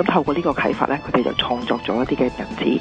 咁透過呢個啟發咧，佢哋就創作咗一啲嘅人字。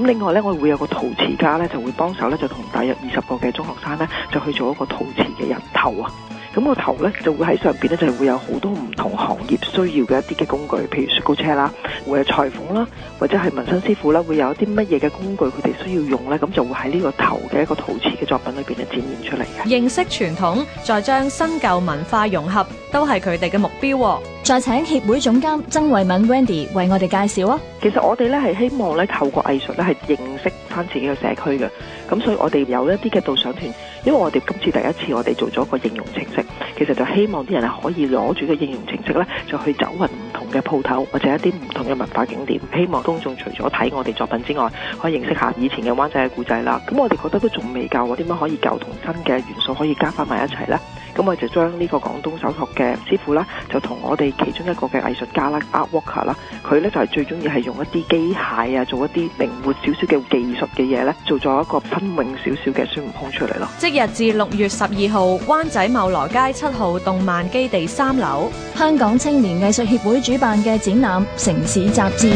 咁另外咧，我會有個陶瓷家咧，就會幫手咧，就同大約二十個嘅中學生咧，就去做一個陶瓷嘅人頭啊。咁個頭咧就會喺上邊咧，就會有好多唔同行業需要嘅一啲嘅工具，譬如雪糕車啦，會有裁縫啦，或者係紋身師傅啦，會有一啲乜嘢嘅工具佢哋需要用咧，咁就會喺呢個頭嘅一個陶瓷嘅作品裏邊咧展現出嚟嘅。認識傳統，再將新舊文化融合，都係佢哋嘅目標喎。再請協會總監曾慧敏 Wendy 為我哋介紹啊！其實我哋咧係希望咧透過藝術咧係認識翻自己嘅社區嘅，咁所以我哋有一啲嘅導賞團，因為我哋今次第一次我哋做咗個應用程式，其實就希望啲人係可以攞住個應用程式咧，就去走勻唔同嘅鋪頭或者一啲唔同嘅文化景點，希望公眾除咗睇我哋作品之外，可以認識下以前嘅灣仔嘅故仔啦。咁我哋覺得都仲未夠，點樣可以舊同新嘅元素可以加翻埋一齊咧。咁我就將呢個廣東手托嘅師傅啦，就同我哋其中一個嘅藝術家啦，Art Worker 啦，佢咧就係最中意係用一啲機械啊，做一啲靈活少少嘅技術嘅嘢咧，做咗一個新穎少少嘅孫悟空出嚟咯。即日至六月十二號，灣仔茂羅街七號動漫基地三樓，香港青年藝術協會主辦嘅展覽《城市雜誌》。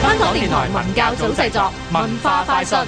香港電台文教組製作，文化快訊。